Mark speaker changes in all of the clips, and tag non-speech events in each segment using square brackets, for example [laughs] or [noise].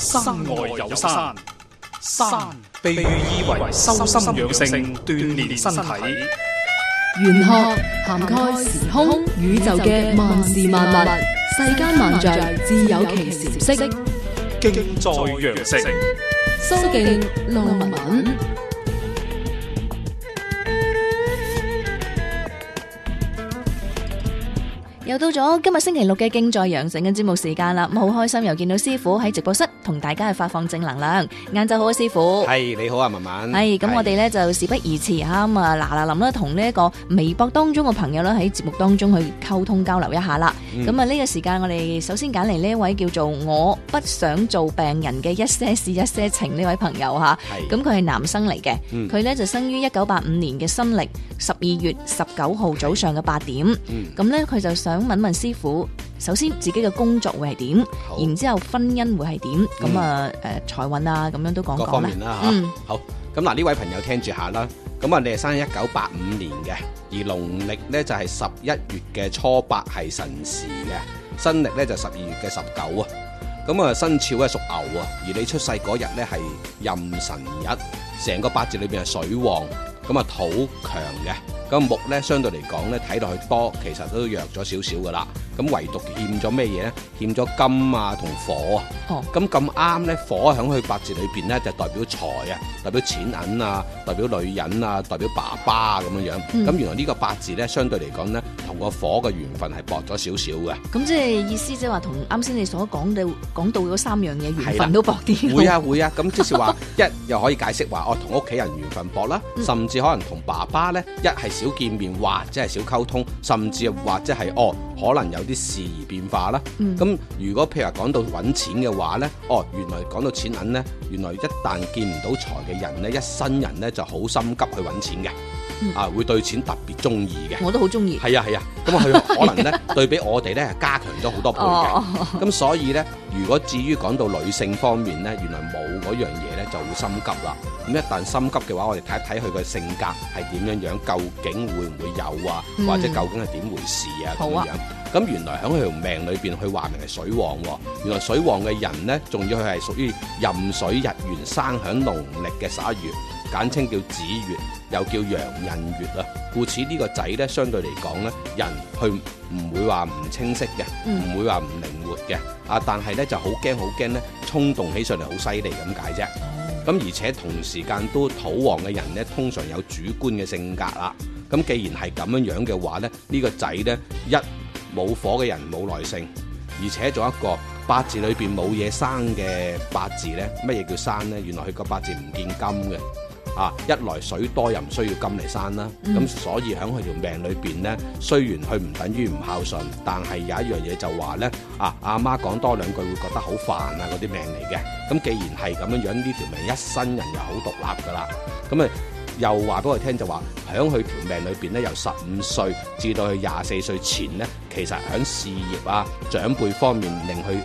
Speaker 1: 山外有山，山被寓有意為修心養性、鍛煉身體。
Speaker 2: 玄學涵蓋時空宇宙嘅萬事萬物，世間萬象自有其時色。
Speaker 1: 敬在羊城。
Speaker 2: 蘇敬論文。又到咗今日星期六嘅《敬在羊城》嘅節目時間啦，咁好開心又見到師傅喺直播室同大家去發放正能量。晏晝好啊，師傅。係
Speaker 1: 你好啊，文文。係咁，是我哋
Speaker 2: 咧就事不宜遲，吓咁啊嗱嗱臨啦，同呢一個微博當中嘅朋友啦，喺節目當中去溝通交流一下啦。咁啊呢個時間，我哋首先揀嚟呢一位叫做我不想做病人嘅一些事一些情呢位朋友吓。係。咁佢係男生嚟嘅。佢咧、嗯、就生於一九八五年嘅新歷十二月十九號早上嘅八點。咁咧佢就想。咁問問師傅，首先自己嘅工作會係點，好然之後婚姻會係點，咁啊誒財運啊咁樣都講各方啦，吓！
Speaker 1: 好。咁嗱呢位朋友聽住下啦。咁啊，你係生喺一九八五年嘅，而農曆咧就係十一月嘅初八係辰時嘅，新曆咧就十二月嘅十九啊。咁啊，生肖咧屬牛啊，而你出世嗰日咧係壬辰日，成個八字裏邊係水旺，咁啊土強嘅。個木咧，相對嚟講咧，睇落去多，其實都弱咗少少噶啦。咁唯獨欠咗咩嘢咧？欠咗金啊同火啊。哦。咁咁啱咧，火喺去八字裏邊咧，就代表財啊，代表錢銀啊，代表女人啊，代表爸爸啊咁樣樣。咁、嗯、原來呢個八字咧，相對嚟講咧。同個火嘅緣分係薄咗少少嘅，
Speaker 2: 咁即係意思即係話同啱先你所講到講到嗰三樣嘢緣分都薄
Speaker 1: 啲的、啊，會啊會啊，咁即是話 [laughs] 一又可以解釋話哦，同屋企人緣分薄啦，甚至可能同爸爸呢一係少見面，或者係少溝通，甚至或者係哦可能有啲事而變化啦。咁、嗯、如果譬如話講到揾錢嘅話呢，哦原來講到錢銀呢，原來一旦見唔到財嘅人呢，一生人呢就好心急去揾錢嘅。啊，會對錢特別中意嘅，我都好中意。係啊係啊，咁佢、啊嗯嗯嗯、可能咧對比我哋咧加強咗好多倍嘅，咁、哦嗯、所以咧，如果至於講到女性方面咧，原來冇嗰樣嘢，咧就會心急啦。咁、嗯、一旦心急嘅話，我哋睇一睇佢個性格係點樣樣，究竟會唔會有啊？或者究竟係點回事啊？咁樣，咁、嗯啊嗯、原來響佢條命裏邊，佢話明係水旺、哦，原來水旺嘅人咧，仲要係屬於壬水日元生響農曆嘅十一月。簡稱叫子月，又叫陽刃月啊，故此呢個仔呢，相對嚟講呢，人佢唔會話唔清晰嘅，唔、嗯、會話唔靈活嘅。啊，但係呢，就好驚好驚呢，衝動起上嚟好犀利咁解啫。咁而且同時間都土黃嘅人呢，通常有主觀嘅性格啦。咁既然係咁樣樣嘅話呢，呢、呢個仔呢，一冇火嘅人冇耐性，而且仲有一個八字裏邊冇嘢生嘅八字呢，乜嘢叫生呢？原來佢個八字唔見金嘅。啊！一來水多又唔需要金嚟生啦，咁、嗯、所以喺佢條命裏邊呢，雖然佢唔等於唔孝順，但係有一樣嘢就話呢，啊阿媽講多兩句會覺得好煩啊，嗰啲命嚟嘅。咁既然係咁樣樣，呢條命一生人又好獨立噶啦，咁啊又話俾我聽就話，響佢條命裏邊呢，由十五歲至到佢廿四歲前呢，其實響事業啊長輩方面令佢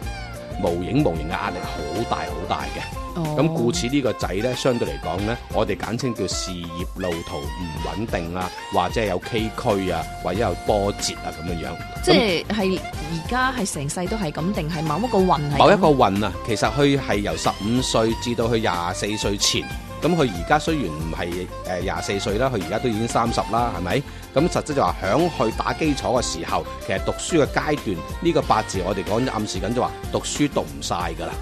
Speaker 1: 無影無形嘅壓力好大好大嘅。咁、哦、故此呢個仔呢，相對嚟講呢，我哋簡稱叫事業路途唔穩定啦，或者有崎嶇啊，或者有波折啊咁樣是那樣。即
Speaker 2: 係而家係成世都係咁，定係某一個運？某一個
Speaker 1: 運啊，其實佢係由十五歲至到佢廿四歲前。咁佢而家雖然唔係誒廿四歲啦，佢而家都已經三十啦，係咪？咁實質就話響去打基礎嘅時候，其實讀書嘅階段呢、呢個八字，我哋講暗示緊就話讀書讀唔晒噶啦。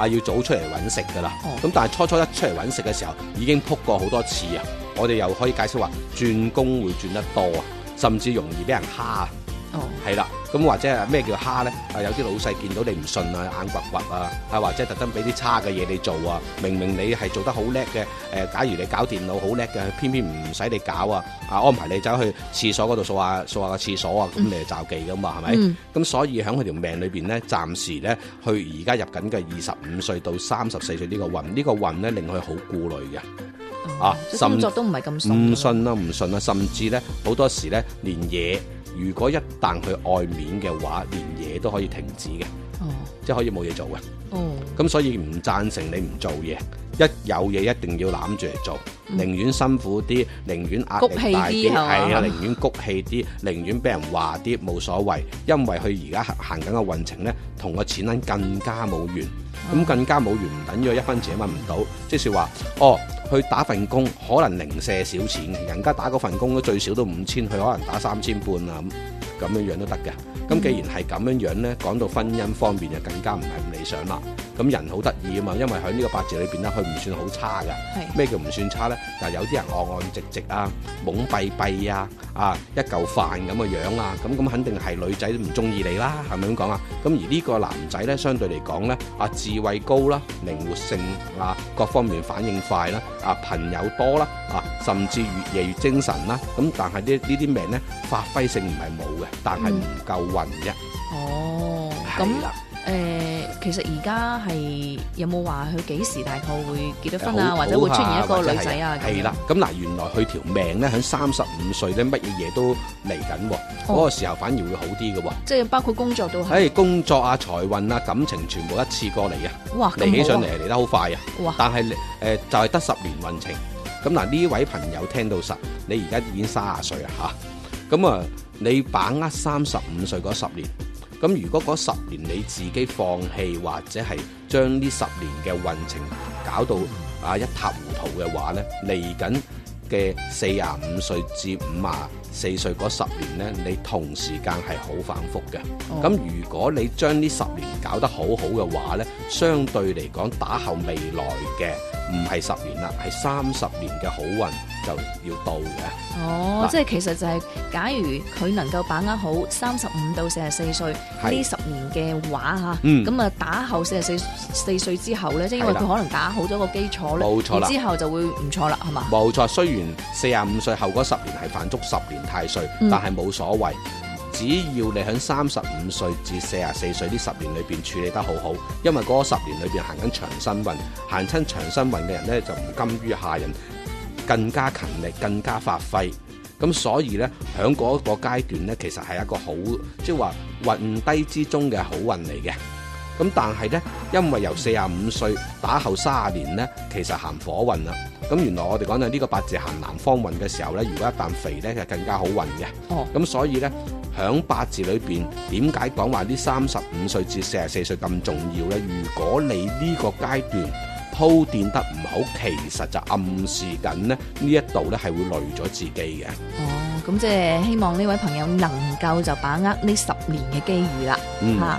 Speaker 1: 啊！要早出嚟揾食㗎喇，咁、嗯、但係初初一出嚟揾食嘅時候，已經撲過好多次啊！我哋又可以解釋話，轉工會轉得多啊，甚至容易俾人蝦。哦，係啦，咁或者係咩叫蝦咧？啊，有啲老細見到你唔順啊，眼掘掘啊，啊或者特登俾啲差嘅嘢你做啊，明明你係做得好叻嘅，誒、呃，假如你搞電腦好叻嘅，偏偏唔使你搞啊，啊安排你走去廁所嗰度掃下掃下廁、嗯、個廁所、這個哦、啊，咁你就忌噶嘛，係咪？咁所以喺佢條命裏邊咧，暫時咧，去而家入緊嘅二十五歲到三十四歲呢個運，呢個運咧令佢好顧慮嘅，啊，工作都唔係咁唔順啦，唔順啦，甚至咧好多時咧連嘢。如果一旦去外面嘅話，連嘢都可以停止嘅，哦、即係可以冇嘢做嘅。哦、嗯，咁所以唔贊成你唔做嘢，一有嘢一定要攬住嚟做，嗯、寧願辛苦啲，寧願壓力大啲，係啊，啊寧願谷氣啲，寧願俾人話啲冇所謂，因為佢而家行緊嘅運程咧，同個錢銀更加冇緣，咁、嗯、更加冇緣唔等於一分錢也揾唔到，即係話哦。去打份工，可能零舍少錢，人家打嗰份工都最少都五千，佢可能打三千半啊咁樣樣都得嘅。咁、嗯、既然係咁樣樣咧，講到婚姻方面就更加唔係唔理想啦。咁人好得意啊嘛，因為喺呢個八字裏邊咧，佢唔算好差噶。咩是叫唔算差呢？嗱，有啲人岸岸直直惰惰啊，懵閉閉啊，啊一嚿飯咁嘅樣啊，咁咁肯定係女仔都唔中意你啦，係咪咁講啊？咁而呢個男仔呢，相對嚟講呢，啊智慧高啦，靈活性啊，各方面反應快啦，啊朋友多啦，啊甚至越夜越精神啦。咁、啊、但係呢呢啲命呢，發揮性唔係冇嘅，但係唔夠運
Speaker 2: 啫。嗯、的哦，咁。其實而家係有冇話佢幾時大概會結咗婚啊，嗯、或者會出現一個女仔啊？係啦，
Speaker 1: 咁嗱，嗯嗯、原來佢條命咧喺三十五歲咧，乜嘢嘢都嚟緊，嗰、哦、個時候反而會好啲嘅。
Speaker 2: 即係包括工作都係。誒、哎，
Speaker 1: 工作啊，財運啊，感情全部一次過嚟
Speaker 2: 嘩啊，嚟起上嚟嚟
Speaker 1: 得好快啊。哇嘩！但係誒、呃，就係得十年運程。咁嗱，呢位朋友聽到實，你而家已經卅啊歲啊吓，咁啊，你把握三十五歲嗰十年。咁如果嗰十年你自己放棄，或者係將呢十年嘅運程搞到啊一塌糊塗嘅話呢，嚟緊嘅四十五歲至五十四歲嗰十年呢，你同時間係好反覆嘅。咁、哦、如果你將呢十年搞得好好嘅話呢，相對嚟講打後未來嘅唔係十年啦，係三十年嘅好運。就要到嘅。
Speaker 2: 哦，那即係其實就係，假如佢能夠把握好三十五到四十四歲呢十年嘅話吓，咁啊的打後四十四四歲之後呢？即係的因為佢可能打好咗個基礎咧，冇錯，之後就會唔錯啦，係嘛？
Speaker 1: 冇錯，雖然四十五歲後嗰十年係犯足十年太歲，嗯、但係冇所謂。只要你喺三十五歲至四十四歲呢十年裏邊處理得好好，因為嗰十年裏邊行緊長生運，行親長生運嘅人呢，就唔甘於下人，更加勤力，更加發揮，咁所以呢，喺嗰個階段呢，其實係一個好，即係話運低之中嘅好運嚟嘅。咁但係呢，因為由四啊五歲打後三年呢，其實行火運啦。咁原來我哋講到呢個八字行南方運嘅時候呢，如果一啖肥呢，就更加好運嘅。哦，咁所以呢，喺八字裏邊，點解講話呢三十五歲至四十四歲咁重要呢？如果你呢個階段，鋪墊得唔好，其實就暗示緊呢呢一度呢係會累咗自己嘅。哦，
Speaker 2: 咁即係希望呢位朋友能夠就把握呢十年嘅機遇啦，
Speaker 1: 嚇、嗯。啊